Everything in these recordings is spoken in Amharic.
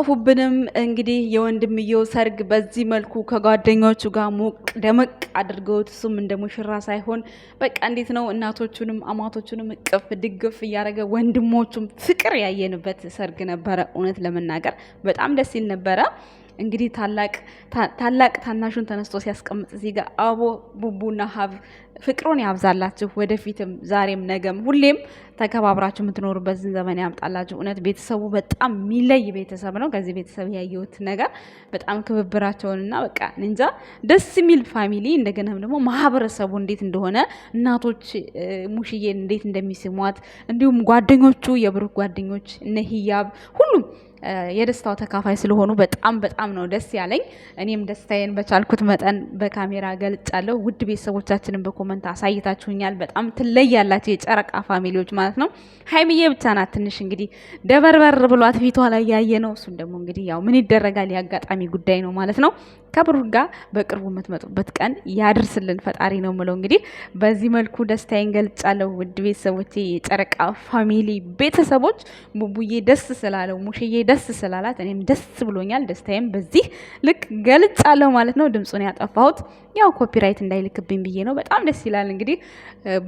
አልጠፉብንም። እንግዲህ የወንድምየው ሰርግ በዚህ መልኩ ከጓደኞቹ ጋር ሞቅ ደመቅ አድርገውት እሱም እንደ ሙሽራ ሳይሆን በቃ እንዴት ነው እናቶቹንም አማቶቹንም እቅፍ ድግፍ እያደረገ ወንድሞቹም ፍቅር ያየንበት ሰርግ ነበረ። እውነት ለመናገር በጣም ደስ ይል ነበረ። እንግዲህ ታላቅ ታናሹን ተነስቶ ሲያስቀምጥ እዚህ ጋር አቦ ቡቡና ሀብ ፍቅሩን ያብዛላችሁ። ወደፊትም ዛሬም ነገም ሁሌም ተከባብራችሁ የምትኖሩበት ዘመን ያምጣላችሁ። እውነት ቤተሰቡ በጣም የሚለይ ቤተሰብ ነው። ከዚህ ቤተሰብ ያየሁት ነገር በጣም ክብብራቸውንና በቃ እንጃ ደስ የሚል ፋሚሊ፣ እንደገናም ደግሞ ማህበረሰቡ እንዴት እንደሆነ እናቶች ሙሽዬን እንዴት እንደሚስሟት እንዲሁም ጓደኞቹ የብሩክ ጓደኞች እነ ሁሉም የደስታው ተካፋይ ስለሆኑ በጣም በጣም ነው ደስ ያለኝ። እኔም ደስታዬን በቻልኩት መጠን በካሜራ ገልጫለሁ። ውድ ቤተሰቦቻችንን በኮመንት አሳይታችሁኛል። በጣም ትለያላችሁ የጨረቃ ፋሚሊዎች ማለት ነው። ሀይምዬ ብቻ ናት ትንሽ እንግዲህ ደበርበር ብሏት ፊቷ ላይ ያየ ነው። እሱን ደግሞ እንግዲህ ያው ምን ይደረጋል የአጋጣሚ ጉዳይ ነው ማለት ነው። ከብሩክ ጋር በቅርቡ የምትመጡበት ቀን ያድርስልን ፈጣሪ ነው ምለው እንግዲህ በዚህ መልኩ ደስታዬን ገልጫለሁ። ውድ ቤተሰቦቼ፣ የጨረቃ ፋሚሊ ቤተሰቦች፣ ቡቡዬ ደስ ስላለው፣ ሙሽዬ ደስ ስላላት እኔም ደስ ብሎኛል። ደስታዬም በዚህ ልክ ገልጫለሁ ማለት ነው። ድምፁን ያጠፋሁት ያው ኮፒራይት እንዳይልክብኝ ብዬ ነው። በጣም ደስ ይላል። እንግዲህ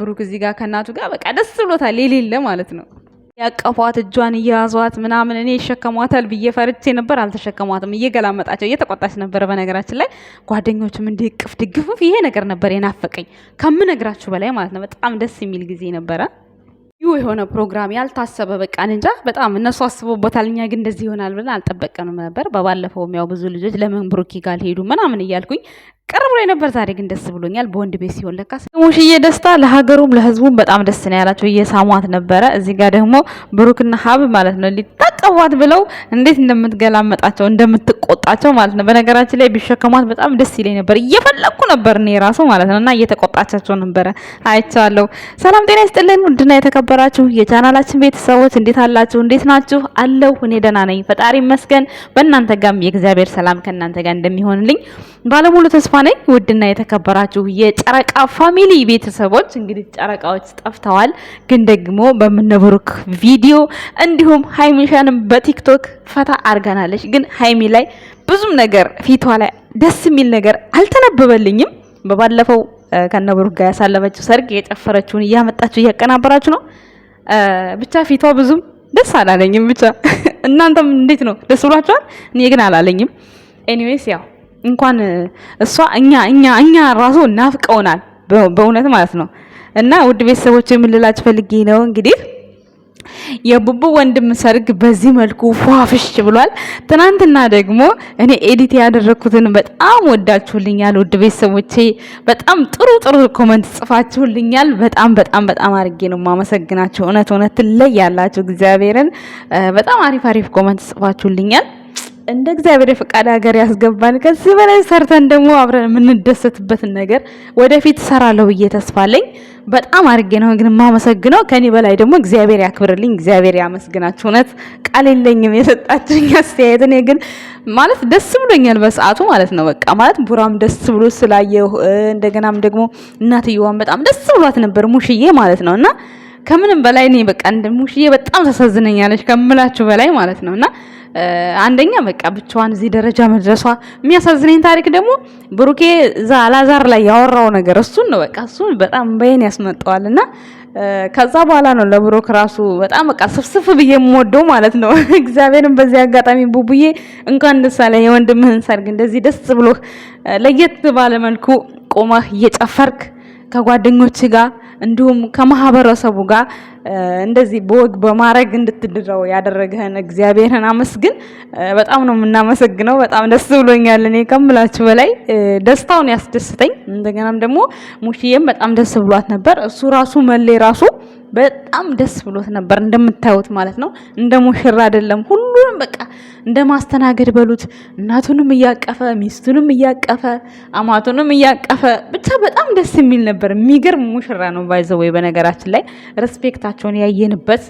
ብሩክ እዚህ ጋር ከእናቱ ጋር በቃ ደስ ብሎታል የሌለ ማለት ነው። ያቀፏት እጇን እያዟት ምናምን እኔ ይሸከሟታል ብዬ ፈርቼ ነበር። አልተሸከሟትም፣ እየገላመጣቸው እየተቆጣች ነበረ። በነገራችን ላይ ጓደኞችም እንዲ እቅፍ ድግፍፍ ይሄ ነገር ነበር የናፈቀኝ ከምነግራችሁ በላይ ማለት ነው። በጣም ደስ የሚል ጊዜ ነበረ። ይሁ የሆነ ፕሮግራም ያልታሰበ በቃ እንጃ በጣም እነሱ አስቦበታል። እኛ ግን እንደዚህ ይሆናል ብለን አልጠበቀንም ነበር። በባለፈውም ያው ብዙ ልጆች ለምን ብሩኪ ጋር አልሄዱ ምናምን እያልኩኝ ቅር ብሎ ነበር። ዛሬ ግን ደስ ብሎኛል በወንድ ቤት ሲሆን ለካ ሙሽዬ ደስታ ለሀገሩም ለህዝቡም በጣም ደስ ነው ያላቸው። እየሳሟት ነበረ። እዚህ ጋር ደግሞ ብሩክና ሀብ ማለት ነው ሊታቀቧት ብለው እንዴት እንደምትገላመጣቸው እንደምትቆጣቸው ማለት ነው። በነገራችን ላይ ቢሸከሟት በጣም ደስ ይለኝ ነበር። እየፈለግኩ ነበር እኔ ራሱ ማለት ነው። እና እየተቆጣቻቸው ነበረ አይቻለሁ። ሰላም ጤና ይስጥልን ውድና የተከበራችሁ የቻናላችን ቤተሰቦች እንዴት አላችሁ? እንዴት ናችሁ? አለው እኔ ደህና ነኝ፣ ፈጣሪ ይመስገን። በእናንተ ጋም የእግዚአብሔር ሰላም ከእናንተ ጋር እንደሚሆንልኝ ባለሙሉ ተስፋ ተስፋ ነኝ። ውድና የተከበራችሁ የጨረቃ ፋሚሊ ቤተሰቦች እንግዲህ ጨረቃዎች ጠፍተዋል፣ ግን ደግሞ በምነብሩክ ቪዲዮ እንዲሁም ሀይሚሻንም በቲክቶክ ፈታ አርጋናለች ግን ሀይሚ ላይ ብዙም ነገር ፊቷ ላይ ደስ የሚል ነገር አልተነበበልኝም። በባለፈው ከነብሩክ ጋር ያሳለፈችው ሰርግ የጨፈረችውን እያመጣችሁ እያቀናበራችሁ ነው። ብቻ ፊቷ ብዙም ደስ አላለኝም። ብቻ እናንተም እንዴት ነው? ደስ ብሏችኋል? እኔ ግን አላለኝም። ኤኒዌይስ ያው እንኳን እሷ እኛ እኛ እኛ ራሱ ናፍቀውናል በእውነት ማለት ነው። እና ውድ ቤተሰቦች የምልላችሁ ፈልጌ ነው እንግዲህ የቡቡ ወንድም ሰርግ በዚህ መልኩ ፏፍሽ ብሏል። ትናንትና ደግሞ እኔ ኤዲት ያደረኩትን በጣም ወዳችሁልኛል ውድ ቤተሰቦቼ፣ በጣም ጥሩ ጥሩ ኮመንት ጽፋችሁልኛል። በጣም በጣም በጣም አድርጌ ነው የማመሰግናችሁ። እውነት እውነት ለይ ያላቸው እግዚአብሔርን በጣም አሪፍ አሪፍ ኮመንት ጽፋችሁልኛል። እንደ እግዚአብሔር የፈቃድ ሀገር ያስገባን። ከዚህ በላይ ሰርተን ደግሞ አብረን የምንደሰትበትን ነገር ወደፊት ሰራለሁ ብዬ በጣም አድርጌ ነው ግን የማመሰግነው። ከኔ በላይ ደግሞ እግዚአብሔር ያክብርልኝ፣ እግዚአብሔር ያመስግናችሁ። እውነት ቃል የለኝም የሰጣችሁኝ አስተያየት። እኔ ግን ማለት ደስ ብሎኛል በሰዓቱ ማለት ነው። በቃ ማለት ቡራም ደስ ብሎ ስላየሁ እንደገናም ደግሞ እናትየዋን በጣም ደስ ብሏት ነበር ሙሽዬ ማለት ነው እና ከምንም በላይ እኔ በቃ ሙሽዬ በጣም ታሳዝነኛለች ከምላችሁ በላይ ማለት ነው። እና አንደኛ በቃ ብቻዋን እዚህ ደረጃ መድረሷ የሚያሳዝነኝ ታሪክ ደግሞ ብሩኬ እዛ አላዛር ላይ ያወራው ነገር እሱን ነው በቃ እሱ በጣም በይን ያስመጠዋል እና ከዛ በኋላ ነው ለብሩክ ራሱ በጣም በቃ ስፍስፍ ብዬ የምወደው ማለት ነው። እግዚአብሔርን በዚህ አጋጣሚ ቡቡዬ እንኳን ደስ አለህ የወንድምህን ሰርግ እንደዚህ ደስ ብሎ ለየት ባለ መልኩ ቆመህ እየጨፈርክ ከጓደኞች ጋር እንዲሁም ከማህበረሰቡ ጋር እንደዚህ በወግ በማድረግ እንድትድረው ያደረገህን እግዚአብሔርን አመስግን። በጣም ነው የምናመሰግነው። በጣም ደስ ብሎኛል። እኔ ከምላችሁ በላይ ደስታውን ያስደስተኝ። እንደገናም ደግሞ ሙሽዬም በጣም ደስ ብሏት ነበር። እሱ ራሱ መሌ ራሱ በጣም ደስ ብሎት ነበር። እንደምታዩት ማለት ነው። እንደ ሙሽራ አይደለም፣ ሁሉንም በቃ እንደ ማስተናገድ በሉት። እናቱንም እያቀፈ ሚስቱንም እያቀፈ አማቱንም እያቀፈ ብቻ በጣም ደስ የሚል ነበር። የሚገርም ሙሽራ ነው ወይ በነገራችን ላይ ሬስፔክታቸውን ያየንበት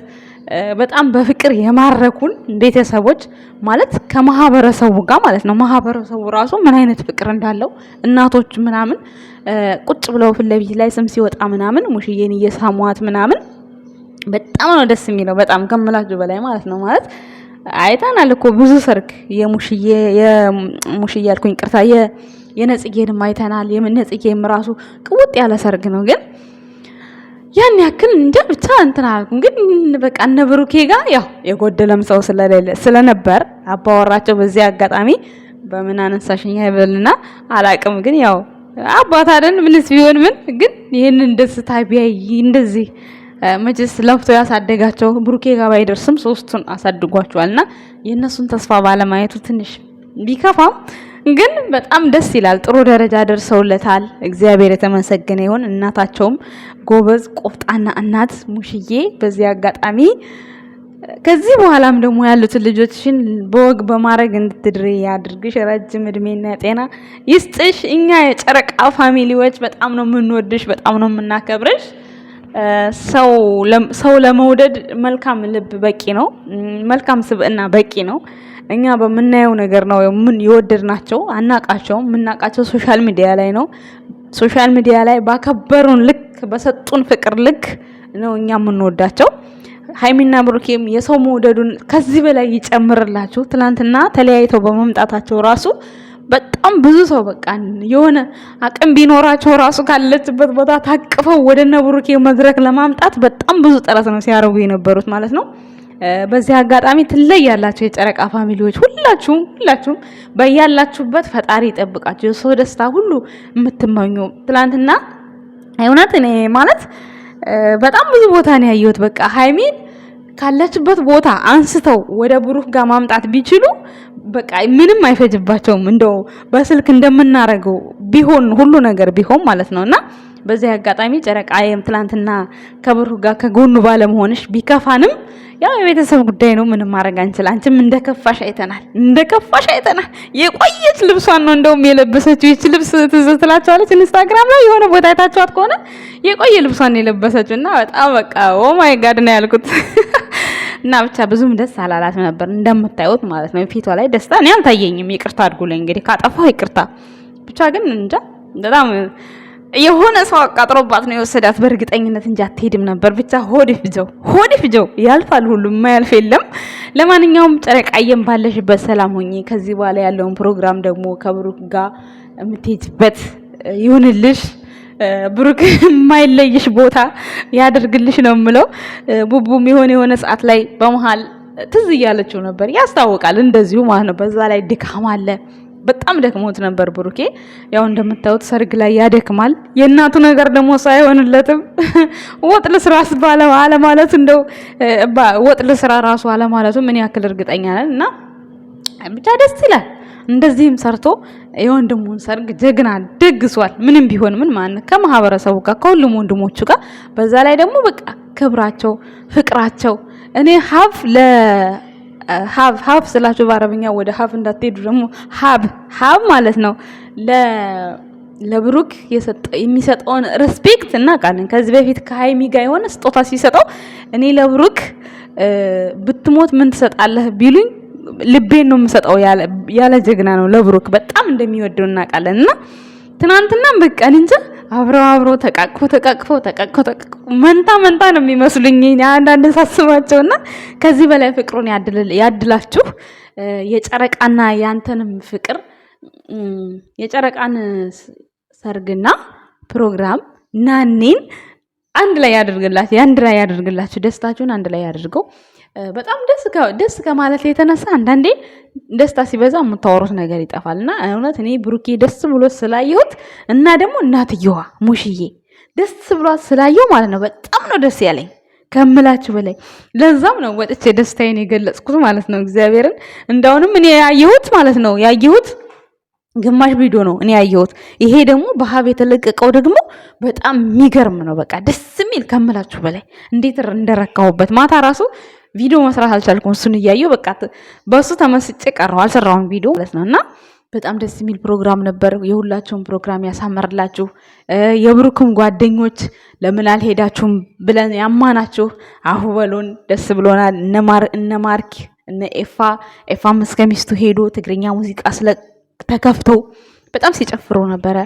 በጣም በፍቅር የማረኩን ቤተሰቦች ማለት ከማህበረሰቡ ጋር ማለት ነው። ማህበረሰቡ ራሱ ምን አይነት ፍቅር እንዳለው እናቶች ምናምን ቁጭ ብለው ፊት ለፊት ላይ ስም ሲወጣ ምናምን ሙሽዬን እየሳሟት ምናምን በጣም ነው ደስ የሚለው። በጣም ከምላችሁ በላይ ማለት ነው። ማለት አይተናል እኮ ብዙ ሰርግ የሙሽዬ የሙሽዬ አልኩኝ ቅርታ የነጽጌንም አይተናል። የነጽጌም ራሱ ቅውጥ ያለ ሰርግ ነው ግን ያን ያክል እንደ ብቻ እንትን አልኩም ግን በቃ እነ ብሩኬ ያው የጎደለም ሰው ስለሌለ ስለነበር አባወራቸው በዚህ አጋጣሚ በምን አነሳሽኛ ይበልና አላቅም። ግን ያው አይደል ምንስ ቢሆን ምን ግን ይህንን ደስታ ቢያይ እንደዚህ መቼስ ለፍቶ ያሳደጋቸው ብሩኬ ጋር ባይደርስም ሶስቱን እና የእነሱን ተስፋ ባለማየቱ ትንሽ ቢከፋም ግን በጣም ደስ ይላል። ጥሩ ደረጃ ደርሰውለታል። እግዚአብሔር የተመሰገነ ይሁን። እናታቸውም ጎበዝ ቆፍጣና እናት ሙሽዬ፣ በዚህ አጋጣሚ ከዚህ በኋላም ደግሞ ያሉትን ልጆችሽን በወግ በማድረግ እንድትድሪ ያድርግሽ። ረጅም እድሜና ጤና ይስጥሽ። እኛ የጨረቃ ፋሚሊዎች በጣም ነው የምንወድሽ፣ በጣም ነው የምናከብርሽ። ሰው ለመውደድ መልካም ልብ በቂ ነው። መልካም ስብዕና በቂ ነው። እኛ በምናየው ነገር ነው ምን የወደድናቸው አናቃቸውም። የምናቃቸው ሶሻል ሚዲያ ላይ ነው። ሶሻል ሚዲያ ላይ ባከበሩን ልክ በሰጡን ፍቅር ልክ ነው እኛ የምንወዳቸው። ሀይሚና ብሩኬም የሰው መውደዱን ከዚህ በላይ ይጨምርላችሁ። ትናንትና ተለያይተው በመምጣታቸው ራሱ በጣም ብዙ ሰው በቃ የሆነ አቅም ቢኖራቸው ራሱ ካለችበት ቦታ ታቅፈው ወደ እነ ብሩኬ መድረክ ለማምጣት በጣም ብዙ ጥረት ነው ሲያደርጉ የነበሩት ማለት ነው። በዚህ አጋጣሚ ትለይ ያላቸው የጨረቃ ፋሚሊዎች ሁላችሁም ሁላችሁም በያላችሁበት ፈጣሪ ይጠብቃችሁ። የሰው ደስታ ሁሉ የምትመኙ ትላንትና እውነት እኔ ማለት በጣም ብዙ ቦታ ነው ያየሁት በቃ ሀይሚን ካለችበት ቦታ አንስተው ወደ ብሩክ ጋር ማምጣት ቢችሉ በቃ ምንም አይፈጅባቸውም። እንደው በስልክ እንደምናረገው ቢሆን ሁሉ ነገር ቢሆን ማለት ነው። እና በዚህ አጋጣሚ ጨረቃዬም ትላንትና ከብሩክ ጋር ከጎኑ ባለመሆንሽ ቢከፋንም ያው የቤተሰብ ጉዳይ ነው፣ ምንም ማድረግ አንችል። አንቺም እንደ ከፋሽ አይተናል፣ እንደ ከፋሽ አይተናል። የቆየች ልብሷን ነው እንደውም የለበሰችው። ይች ልብስ ትዝ ትላቸዋለች ኢንስታግራም ላይ የሆነ ቦታ አይታችኋት ከሆነ የቆየ ልብሷን የለበሰችው እና በጣም በቃ ኦ ማይ ጋድ ነው ያልኩት። እና ብቻ ብዙም ደስ አላላትም ነበር እንደምታዩት ማለት ነው። ፊቷ ላይ ደስታ እኔ አልታየኝም። ይቅርታ አድርጉልኝ እንግዲህ ካጠፋሁ ይቅርታ። ብቻ ግን እንጃ በጣም የሆነ ሰው አቃጥሮባት ነው የወሰዳት በእርግጠኝነት እንጂ አትሄድም ነበር። ብቻ ሆድ ፍጀው ሆድ ፍጀው ያልፋል፣ ሁሉም የማያልፍ የለም። ለማንኛውም ጨረቃየን ባለሽበት ሰላም ሆኚ። ከዚህ በኋላ ያለውን ፕሮግራም ደግሞ ከብሩክ ጋር የምትሄጅበት ይሁንልሽ። ብሩክ የማይለይሽ ቦታ ያደርግልሽ ነው የምለው። ቡቡም የሆነ የሆነ ሰዓት ላይ በመሃል ትዝ እያለችው ነበር ያስታውቃል፣ እንደዚሁ ማለት ነው። በዛ ላይ ድካም አለ። በጣም ደክሞት ነበር ብሩኬ። ያው እንደምታዩት ሰርግ ላይ ያደክማል። የእናቱ ነገር ደግሞ ሳይሆንለትም ወጥ ልስራ አለማለቱ እንደው ወጥ ልስራ ራሱ አለማለቱ ምን ያክል እርግጠኛ ነን እና ብቻ ደስ ይላል። እንደዚህም ሰርቶ የወንድሙን ሰርግ ጀግና ደግሷል። ምንም ቢሆን ምን ማን ከማህበረሰቡ ጋር ከሁሉም ወንድሞቹ ጋር በዛ ላይ ደግሞ በቃ ክብራቸው፣ ፍቅራቸው እኔ ሀብ ለ ሀብ ሀብ ስላችሁ በአረብኛ ወደ ሀብ እንዳትሄዱ ደግሞ ሀብ ሀብ ማለት ነው ለ ለብሩክ የሚሰጠውን ሬስፔክት እናውቃለን። ከዚህ በፊት ከሀይሚ ጋር የሆነ ስጦታ ሲሰጠው እኔ ለብሩክ ብትሞት ምን ትሰጣለህ ቢሉኝ ልቤን ነው የምሰጠው። ያለ ጀግና ነው ለብሩክ በጣም እንደሚወደው እናውቃለን። እና ትናንትናም በቃ እንጂ አብረው አብረው ተቃቅፎ ተቃቅፎ ተቃቅፎ ተቃቅፎ መንታ መንታ ነው የሚመስሉኝ አንዳንድ ሳስባቸው። እና ከዚህ በላይ ፍቅሩን ያድላችሁ። የጨረቃና ያንተንም ፍቅር የጨረቃን ሰርግና ፕሮግራም ናኔን አንድ ላይ ያደርግላችሁ፣ አንድ ላይ ያደርግላችሁ፣ ደስታችሁን አንድ ላይ ያደርገው። በጣም ደስ ከማለት የተነሳ አንዳንዴ ደስታ ሲበዛ የምታወሩት ነገር ይጠፋል እና እውነት እኔ ብሩኬ ደስ ብሎ ስላየሁት እና ደግሞ እናትየዋ ሙሽዬ ደስ ብሏት ስላየው ማለት ነው በጣም ነው ደስ ያለኝ ከምላችሁ በላይ ለዛም ነው ወጥቼ ደስታዬን የገለጽኩት ማለት ነው። እግዚአብሔርን እንዳሁንም እኔ ያየሁት ማለት ነው ያየሁት ግማሽ ቪዲዮ ነው እኔ ያየሁት። ይሄ ደግሞ በሀብ የተለቀቀው ደግሞ በጣም የሚገርም ነው። በቃ ደስ የሚል ከምላችሁ በላይ እንዴት እንደረካሁበት ማታ ራሱ ቪዲዮ መስራት አልቻልኩም። እሱን እያየሁ በቃ በእሱ ተመስጬ ቀረሁ። አልሰራሁም ቪዲዮ ማለት ነው እና በጣም ደስ የሚል ፕሮግራም ነበር። የሁላችሁም ፕሮግራም ያሳመርላችሁ። የብሩክም ጓደኞች ለምን አልሄዳችሁም ብለን ያማናችሁ አሁበሉን ደስ ብሎናል። እነ ማርክ እነ ኤፋ ኤፋም እስከ ሚስቱ ሄዶ ትግርኛ ሙዚቃ ስለ ተከፍቶ በጣም ሲጨፍሩ ነበረ።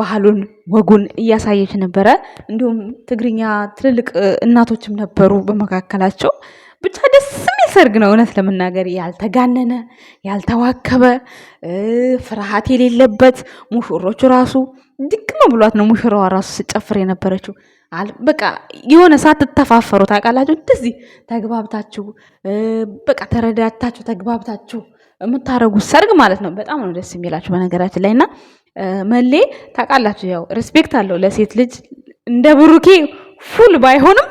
ባህሉን ወጉን እያሳየች ነበረ። እንዲሁም ትግርኛ ትልልቅ እናቶችም ነበሩ በመካከላቸው። ብቻ ደስ የሚል ሰርግ ነው እውነት ለመናገር ያልተጋነነ፣ ያልተዋከበ፣ ፍርሃት የሌለበት ሙሽሮቹ ራሱ ድቅመ ብሏት ነው ሙሽራዋ ራሱ ስጨፍር የነበረችው። በቃ የሆነ ሳትተፋፈሩ ታውቃላችሁ፣ እንደዚህ ተግባብታችሁ በቃ ተረዳታችሁ ተግባብታችሁ የምታደርጉት ሰርግ ማለት ነው። በጣም ነው ደስ የሚላችሁ በነገራችን ላይ እና መሌ ታውቃላችሁ፣ ያው ሬስፔክት አለው ለሴት ልጅ እንደ ብሩኬ ፉል ባይሆንም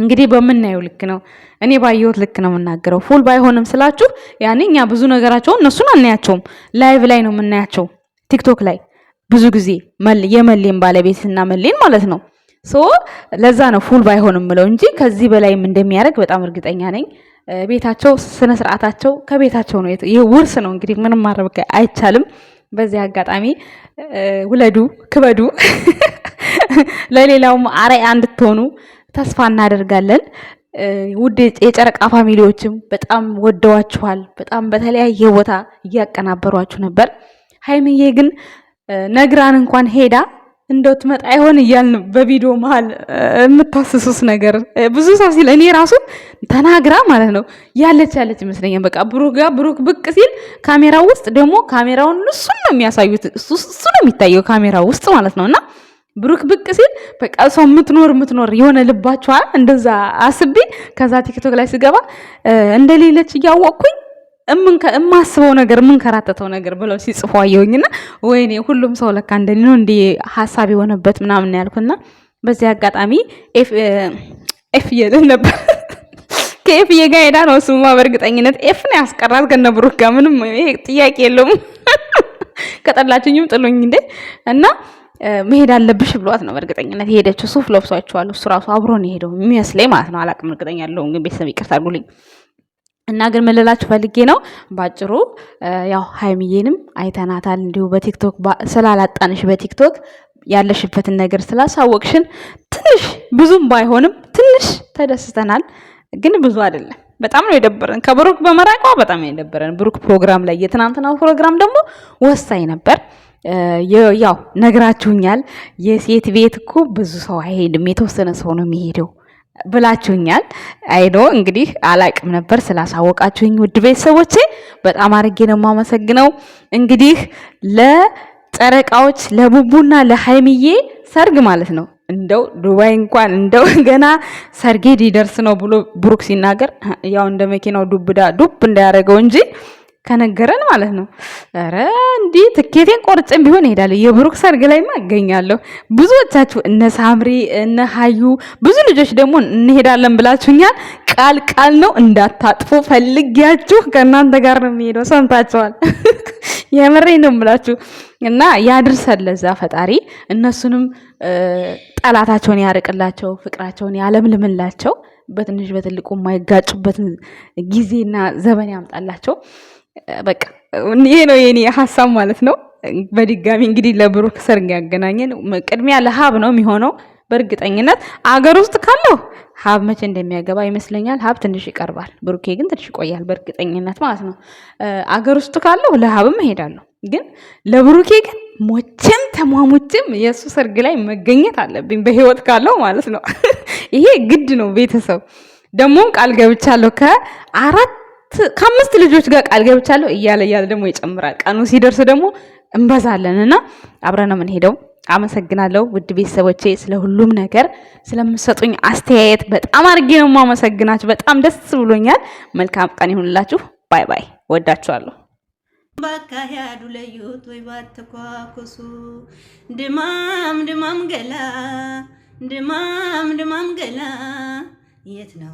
እንግዲህ በምናየው ልክ ነው። እኔ ባየሁት ልክ ነው የምናገረው። ፉል ባይሆንም ስላችሁ ያኔ እኛ ብዙ ነገራቸውን እነሱን አናያቸውም። ላይቭ ላይ ነው የምናያቸው፣ ቲክቶክ ላይ ብዙ ጊዜ የመሌን ባለቤትና መሌን ማለት ነው። ሶ ለዛ ነው ፉል ባይሆንም ምለው እንጂ ከዚህ በላይም እንደሚያደርግ በጣም እርግጠኛ ነኝ። ቤታቸው ስነ ስርዓታቸው ከቤታቸው ነው። ይህ ውርስ ነው እንግዲህ ምንም ማድረግ አይቻልም። በዚህ አጋጣሚ ውለዱ፣ ክበዱ፣ ለሌላውም አርአያ እንድትሆኑ ተስፋ እናደርጋለን። ውድ የጨረቃ ፋሚሊዎችም በጣም ወደዋችኋል። በጣም በተለያየ ቦታ እያቀናበሯችሁ ነበር። ሀይምዬ ግን ነግራን እንኳን ሄዳ መጣ አይሆን እያልን በቪዲዮ መሀል የምታስሱስ ነገር ብዙ ሰው ሲል እኔ ራሱ ተናግራ ማለት ነው ያለች ያለች ይመስለኛል። በቃ ብሩክ ጋር ብሩክ ብቅ ሲል ካሜራ ውስጥ ደግሞ ካሜራውን እሱን ነው የሚያሳዩት፣ እሱ ነው የሚታየው ካሜራ ውስጥ ማለት ነው እና ብሩክ ብቅ ሲል በቃ ሰው የምትኖር የምትኖር የሆነ ልባቸዋል እንደዛ አስቤ ከዛ ቲክቶክ ላይ ስገባ እንደሌለች እያወቅኩኝ የማስበው ነገር የምንከራተተው ነገር ብለው ሲጽፉ አየሁኝና ወይኔ ሁሉም ሰው ለካ እንደኔ ነው እንዲ ሀሳብ የሆነበት ምናምን ያልኩና በዚህ አጋጣሚ ኤፍ እየልን ነበር ከኤፍዬ ጋር ሄዳ ነው ስሙማ። በእርግጠኝነት ኤፍ ነው ያስቀራት ከነ ብሩክ ጋር ምንም ጥያቄ የለውም። ከጠላችኝም ጥሎኝ እንዴ እና መሄድ አለብሽ ብሏት ነው በእርግጠኝነት የሄደችው። ሱፍ ለብሷቸዋል። እሱ ራሱ አብሮ ነው የሄደው የሚመስለኝ ማለት ነው። አላቅም እርግጠኛ ያለውን ግን ቤተሰብ ይቅርታ አድርጉልኝ። እና ግን መለላችሁ ፈልጌ ነው ባጭሩ ያው ሀይሚዬንም አይተናታል እንዲሁ በቲክቶክ ስላላጣንሽ በቲክቶክ ያለሽበትን ነገር ስላሳወቅሽን ትንሽ ብዙም ባይሆንም ትንሽ ተደስተናል። ግን ብዙ አይደለም። በጣም ነው የደበረን ከብሩክ በመራቋ በጣም የደበረን። ብሩክ ፕሮግራም ላይ የትናንትናው ፕሮግራም ደግሞ ወሳኝ ነበር። ያው ነግራችሁኛል። የሴት ቤት እኮ ብዙ ሰው አይሄድም፣ የተወሰነ ሰው ነው የሚሄደው። ብላችሁኛል። አይኖ እንግዲህ አላቅም ነበር ስላሳወቃችሁኝ፣ ውድ ቤተሰቦቼ በጣም አድርጌ ነው የማመሰግነው። እንግዲህ ለጨረቃዎች ለቡቡና ለሀይምዬ ሰርግ ማለት ነው እንደው ዱባይ እንኳን እንደው ገና ሰርጌ ሊደርስ ነው ብሎ ብሩክ ሲናገር ያው እንደ መኪናው ዱብዳ ዱብ እንዳያደረገው እንጂ ከነገረን ማለት ነው። ኧረ እንዲህ ትኬቴን ቆርጬም ቢሆን እሄዳለሁ። የብሩክ ሰርግ ላይማ እገኛለሁ። ብዙዎቻችሁ እነ ሳምሪ እነ ሀዩ ብዙ ልጆች ደግሞ እንሄዳለን ብላችሁኛል። ቃል ቃል ነው እንዳታጥፉ። ፈልጊያችሁ ከእናንተ ጋር ነው የሚሄደው። ሰምታችኋል። የምሬ ነው የምላችሁ እና ያድርሰን ለዛ ፈጣሪ። እነሱንም ጠላታቸውን ያርቅላቸው፣ ፍቅራቸውን ያለምልምላቸው፣ በትንሽ በትልቁ የማይጋጩበትን ጊዜና ዘመን ያምጣላቸው። በቃ ይሄ ነው የኔ ሀሳብ ማለት ነው። በድጋሚ እንግዲህ ለብሩክ ሰርግ ያገናኘን ቅድሚያ ለሀብ ነው የሚሆነው። በእርግጠኝነት አገር ውስጥ ካለው ሀብ መቼ እንደሚያገባ ይመስለኛል። ሀብ ትንሽ ይቀርባል፣ ብሩኬ ግን ትንሽ ይቆያል። በእርግጠኝነት ማለት ነው። አገር ውስጥ ካለው ለሀብም እሄዳለሁ፣ ግን ለብሩኬ ግን ሞቼም ተሟሙቼም የእሱ ሰርግ ላይ መገኘት አለብኝ፣ በህይወት ካለው ማለት ነው። ይሄ ግድ ነው። ቤተሰብ ደግሞም ቃል ገብቻለሁ ከአራት ከአምስት ልጆች ጋር ቃል ገብቻለሁ እያለ እያለ ደግሞ ይጨምራል። ቀኑ ሲደርስ ደግሞ እንበዛለን እና አብረን ነው የምንሄደው። አመሰግናለሁ ውድ ቤተሰቦቼ ስለ ሁሉም ነገር ስለምሰጡኝ አስተያየት በጣም አድርጌ ነው የማመሰግናችሁ። በጣም ደስ ብሎኛል። መልካም ቀን ይሁንላችሁ። ባይ ባይ። ወዳችኋለሁ። ባካያዱ ለዩት ወይ ባትኳኩሱ ድማም ድማም ገላ ድማም ድማም ገላ የት ነው